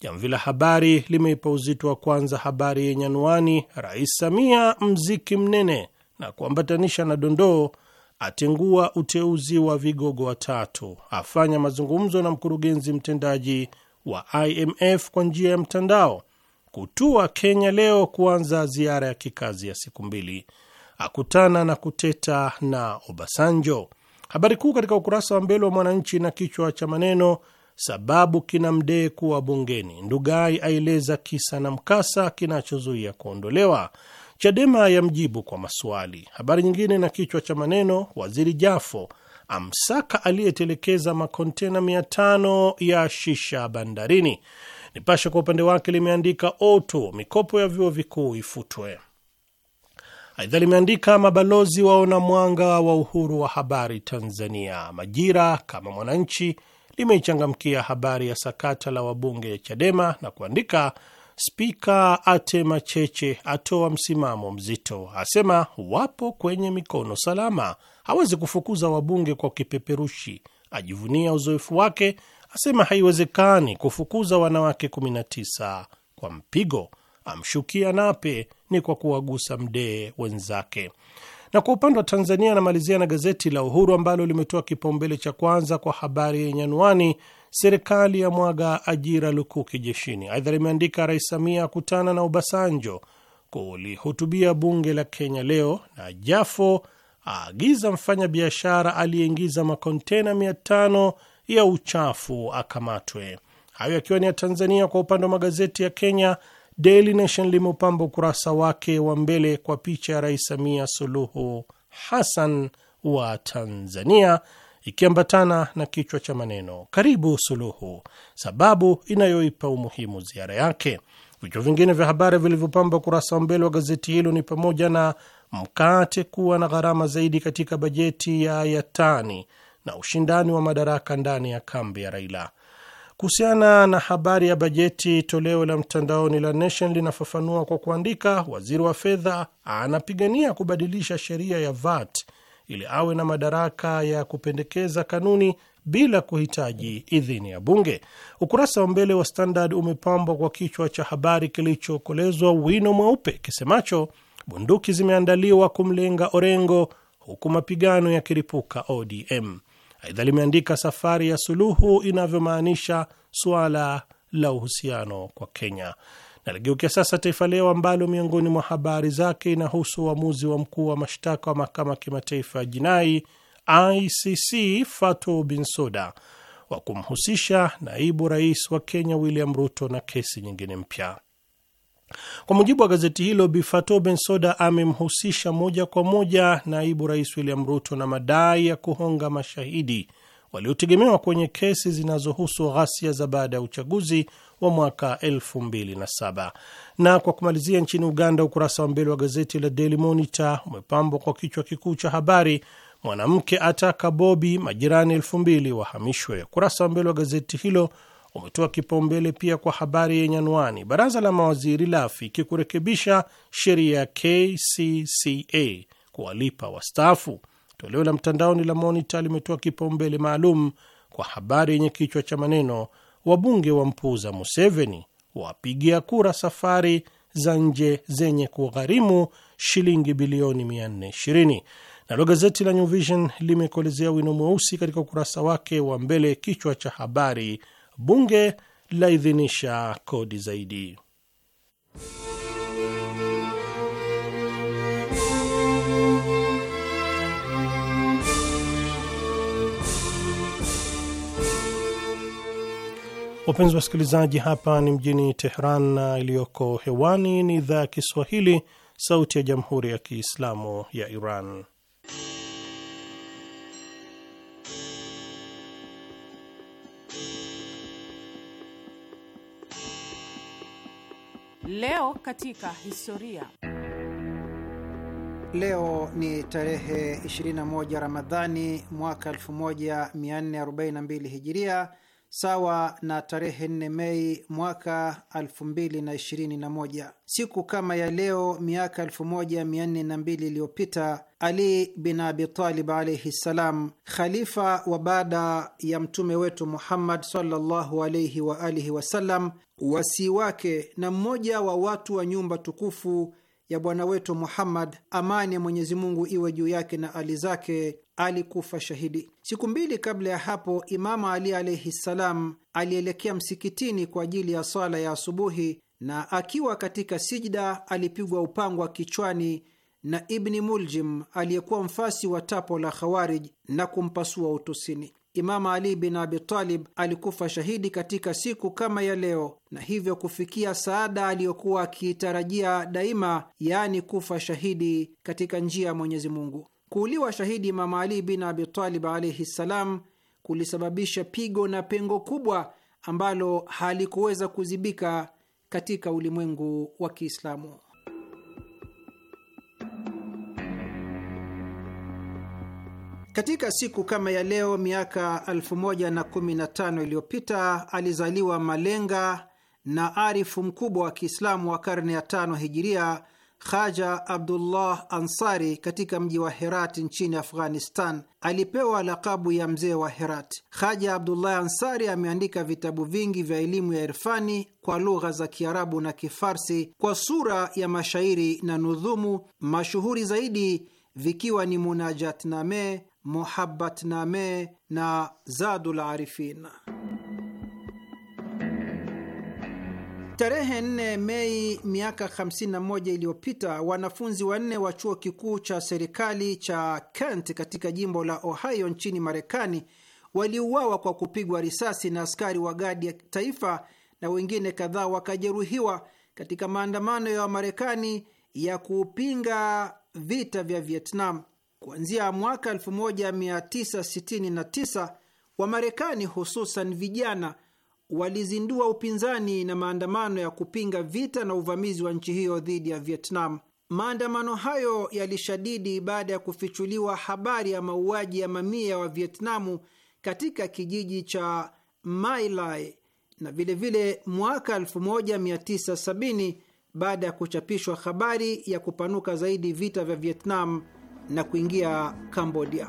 Jamvi la Habari limeipa uzito wa kwanza habari yenye anwani Rais Samia mziki mnene, na kuambatanisha na dondoo atengua uteuzi wa vigogo watatu, afanya mazungumzo na mkurugenzi mtendaji wa IMF kwa njia ya mtandao, kutua Kenya leo kuanza ziara ya kikazi ya siku mbili akutana na kuteta na Obasanjo. Habari kuu katika ukurasa wa mbele wa Mwananchi na kichwa cha maneno sababu kina Mdee kuwa bungeni, Ndugai aeleza kisa na mkasa kinachozuia kuondolewa, Chadema yamjibu kwa maswali. Habari nyingine na kichwa cha maneno waziri Jafo amsaka aliyetelekeza makontena mia tano ya shisha bandarini. Nipashe kwa upande wake limeandika oto mikopo ya vyuo vikuu ifutwe. Aidha limeandika mabalozi waona mwanga wa uhuru wa habari Tanzania. Majira kama Mwananchi limeichangamkia habari ya sakata la wabunge ya Chadema na kuandika Spika ate macheche atoa msimamo mzito, asema wapo kwenye mikono salama, hawezi kufukuza wabunge kwa kipeperushi, ajivunia uzoefu wake, asema haiwezekani kufukuza wanawake 19 kwa mpigo, amshukia Nape ni kwa kuwagusa mdee wenzake. Na kwa upande wa Tanzania anamalizia na gazeti la Uhuru ambalo limetoa kipaumbele cha kwanza kwa habari yenye anwani serikali ya mwaga ajira lukuki jeshini. Aidha limeandika Rais Samia akutana na Obasanjo kulihutubia bunge la Kenya leo, na Jafo aagiza mfanya biashara aliyeingiza makontena mia tano ya uchafu akamatwe. Hayo yakiwa ni ya Tanzania. Kwa upande wa magazeti ya Kenya Daily Nation limeupamba ukurasa wake wa mbele kwa picha ya Rais Samia Suluhu Hassan wa Tanzania ikiambatana na kichwa cha maneno karibu Suluhu, sababu inayoipa umuhimu ziara yake. Vichwa vingine vya habari vilivyopamba ukurasa wa mbele wa gazeti hilo ni pamoja na mkate kuwa na gharama zaidi katika bajeti ya Yatani na ushindani wa madaraka ndani ya kambi ya Raila. Kuhusiana na habari ya bajeti, toleo la mtandaoni la Nation linafafanua kwa kuandika, waziri wa fedha anapigania kubadilisha sheria ya VAT ili awe na madaraka ya kupendekeza kanuni bila kuhitaji idhini ya bunge. Ukurasa wa mbele wa Standard umepambwa kwa kichwa cha habari kilichokolezwa wino mweupe kisemacho, bunduki zimeandaliwa kumlenga Orengo huku mapigano yakiripuka ODM. Aidha limeandika safari ya suluhu inavyomaanisha suala la uhusiano kwa Kenya. Naligeukia sasa Taifa Leo ambalo miongoni mwa habari zake inahusu uamuzi wa mkuu wa mashtaka wa mahakama ya kimataifa ya jinai ICC Fatou Bensouda wa kumhusisha naibu rais wa Kenya William Ruto na kesi nyingine mpya. Kwa mujibu wa gazeti hilo, Bifato bensoda amemhusisha moja kwa moja naibu rais William Ruto na madai ya kuhonga mashahidi waliotegemewa kwenye kesi zinazohusu ghasia za baada ya uchaguzi wa mwaka 2007. Na kwa kumalizia, nchini Uganda, ukurasa wa mbele wa gazeti la Daily Monitor umepambwa kwa kichwa kikuu cha habari, mwanamke ataka Bobi majirani 2000 wahamishwe. Ukurasa wa mbele wa gazeti hilo umetoa kipaumbele pia kwa habari yenye anwani baraza la mawaziri la afiki kurekebisha sheria ya KCCA kuwalipa wastaafu. Toleo la mtandaoni la Monita limetoa kipaumbele maalum kwa habari yenye kichwa cha maneno wabunge wa wampuuza Museveni, wapigia kura safari za nje zenye kugharimu shilingi bilioni 420. Nalo gazeti la New Vision wino mweusi katika ukurasa wake wa mbele kichwa cha habari bunge laidhinisha kodi zaidi. Wapenzi wasikilizaji, hapa ni mjini Tehran na iliyoko hewani ni idhaa ya Kiswahili, Sauti ya Jamhuri ya Kiislamu ya Iran. Leo katika historia. Leo ni tarehe 21 Ramadhani mwaka 1442 Hijiria, sawa na tarehe 4 Mei mwaka 2021. Siku kama ya leo miaka 1402 iliyopita Ali bin Abitalib alaihi ssalam, khalifa wa baada ya mtume wetu Muhammad sallallahu alaihi waalihi wasallam wasii wake na mmoja wa watu wa nyumba tukufu ya bwana wetu Muhammad, amani ya Mwenyezi Mungu iwe juu yake na ali zake, alikufa shahidi. Siku mbili kabla ya hapo, Imamu Ali alaihi ssalam alielekea msikitini kwa ajili ya swala ya asubuhi, na akiwa katika sijda alipigwa upangwa kichwani na Ibni Muljim aliyekuwa mfasi wa tapo la Khawarij na kumpasua utosini. Imamu Ali bin Abi Talib alikufa shahidi katika siku kama ya leo, na hivyo kufikia saada aliyokuwa akiitarajia daima, yaani kufa shahidi katika njia ya Mwenyezi Mungu. Kuuliwa shahidi Imamu Ali bin Abi Talib alaihi ssalam kulisababisha pigo na pengo kubwa ambalo halikuweza kuzibika katika ulimwengu wa Kiislamu. Katika siku kama ya leo miaka 1015 iliyopita alizaliwa malenga na arifu mkubwa wa Kiislamu wa karne ya tano hijiria Khaja Abdullah Ansari katika mji wa Herat nchini Afghanistan. Alipewa lakabu ya mzee wa Herat. Khaja Abdullah Ansari ameandika vitabu vingi vya elimu ya irfani kwa lugha za Kiarabu na Kifarsi kwa sura ya mashairi na nudhumu, mashuhuri zaidi vikiwa ni Munajatname, Name na Zadul Arifin. Tarehe 4 Mei miaka 51 iliyopita wanafunzi wanne wa chuo kikuu cha serikali cha Kent katika jimbo la Ohio nchini Marekani waliuawa kwa kupigwa risasi na askari wa gadi ya taifa na wengine kadhaa wakajeruhiwa katika maandamano ya Wamarekani ya kupinga vita vya Vietnam. Kuanzia mwaka 1969 Wamarekani hususan vijana walizindua upinzani na maandamano ya kupinga vita na uvamizi wa nchi hiyo dhidi ya Vietnam. Maandamano hayo yalishadidi baada ya kufichuliwa habari ya mauaji ya mamia ya Wavietnamu katika kijiji cha My Lai na vilevile mwaka 1970 baada ya kuchapishwa habari ya kupanuka zaidi vita vya Vietnam na kuingia Kambodia.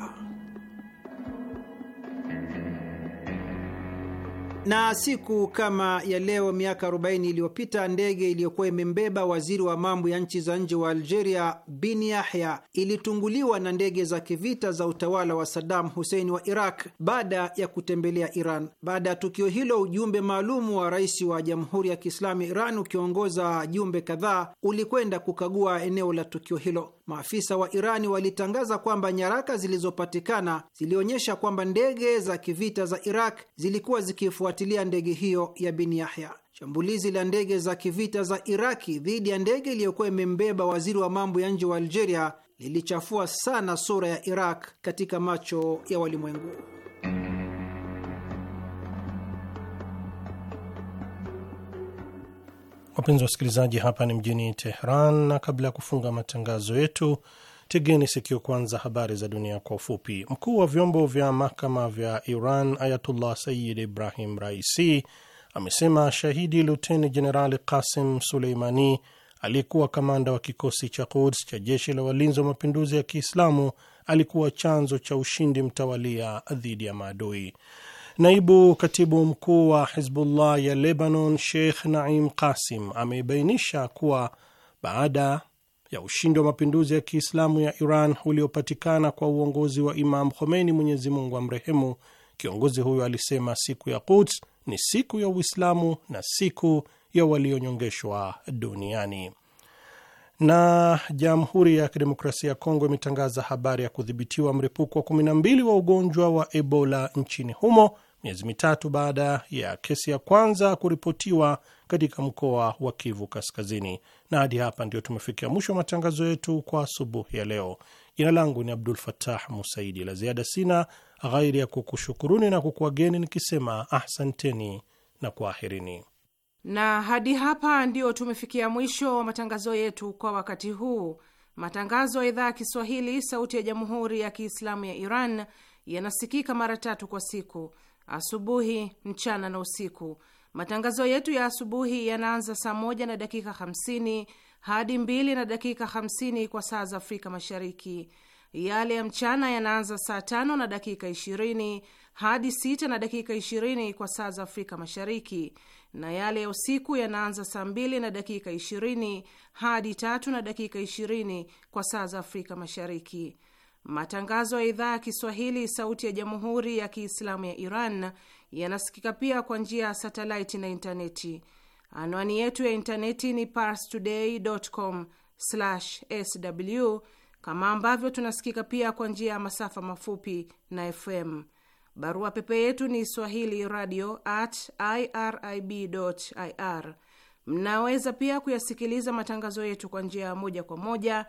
Na siku kama ya leo miaka 40 iliyopita ndege iliyokuwa imembeba waziri wa mambo ya nchi za nje wa Algeria Bin Yahya ilitunguliwa na ndege za kivita za utawala wa Saddam Hussein wa Iraq baada ya kutembelea Iran. Baada ya tukio hilo, ujumbe maalumu wa rais wa Jamhuri ya Kiislamu ya Iran ukiongoza jumbe kadhaa ulikwenda kukagua eneo la tukio hilo. Maafisa wa Irani walitangaza kwamba nyaraka zilizopatikana zilionyesha kwamba ndege za kivita za Iraq zilikuwa zikifuata kufuatilia ndege hiyo ya bin Yahya. Shambulizi la ndege za kivita za Iraki dhidi ya ndege iliyokuwa imembeba waziri wa mambo ya nje wa Algeria lilichafua sana sura ya Iraq katika macho ya walimwengu. Wapenzi wa wasikilizaji, hapa ni mjini Teheran, na kabla ya kufunga matangazo yetu Tegeni sikio kwanza, habari za dunia kwa ufupi. Mkuu wa vyombo vya mahakama vya Iran Ayatullah Sayyid Ibrahim Raisi amesema shahidi luteni jenerali Qasim Suleimani aliyekuwa kamanda wa kikosi cha Quds cha jeshi la walinzi wa mapinduzi ya Kiislamu alikuwa chanzo cha ushindi mtawalia dhidi ya maadui. Naibu katibu mkuu wa Hizbullah ya Lebanon Sheikh Naim Qasim amebainisha kuwa baada ya ushindi wa mapinduzi ya Kiislamu ya Iran uliopatikana kwa uongozi wa Imam Khomeini, Mwenyezi Mungu amrehemu, kiongozi huyo alisema siku ya Quds ni siku ya Uislamu na siku ya walionyongeshwa duniani. Na Jamhuri ya Kidemokrasia ya Kongo imetangaza habari ya kudhibitiwa mlipuko wa 12 wa ugonjwa wa Ebola nchini humo miezi mitatu baada ya kesi ya kwanza kuripotiwa katika mkoa wa Kivu Kaskazini. Na hadi hapa ndio tumefikia mwisho wa matangazo yetu kwa asubuhi ya leo. Jina langu ni Abdul fatah Musaidi. La ziada sina ghairi ya kukushukuruni na kukuageni nikisema ahsanteni na kwaherini. Na hadi hapa ndio tumefikia mwisho wa matangazo yetu kwa wakati huu. Matangazo ya idhaa ya Kiswahili sauti ya Jamhuri ya Kiislamu ya Iran yanasikika mara tatu kwa siku: asubuhi, mchana na usiku Matangazo yetu ya asubuhi yanaanza saa moja na dakika hamsini hadi mbili na dakika hamsini kwa saa za Afrika Mashariki. Yale ya mchana yanaanza saa tano na dakika ishirini hadi sita na dakika ishirini kwa saa za Afrika Mashariki, na yale ya usiku yanaanza saa mbili na dakika ishirini hadi tatu na dakika ishirini kwa saa za Afrika Mashariki. Matangazo ya idhaa ya Kiswahili sauti ya Jamhuri ya Kiislamu ya Iran yanasikika pia kwa njia ya satelaiti na intaneti. Anwani yetu ya intaneti ni parstoday.com/sw, kama ambavyo tunasikika pia kwa njia ya masafa mafupi na FM. Barua pepe yetu ni swahili radio at irib ir. Mnaweza pia kuyasikiliza matangazo yetu kwa njia ya moja kwa moja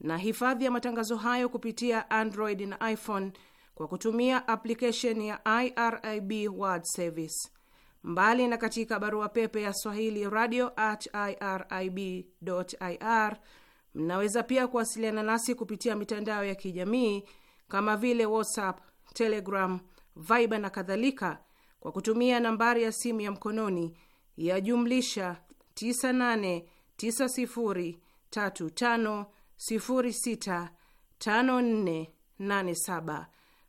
na hifadhi ya matangazo hayo kupitia Android na iPhone kwa kutumia application ya IRIB World Service, mbali na katika barua pepe ya Swahili radio at irib ir. Mnaweza pia kuwasiliana nasi kupitia mitandao ya kijamii kama vile WhatsApp, Telegram, Viber na kadhalika, kwa kutumia nambari ya simu ya mkononi ya jumlisha 989035065487.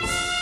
Bye.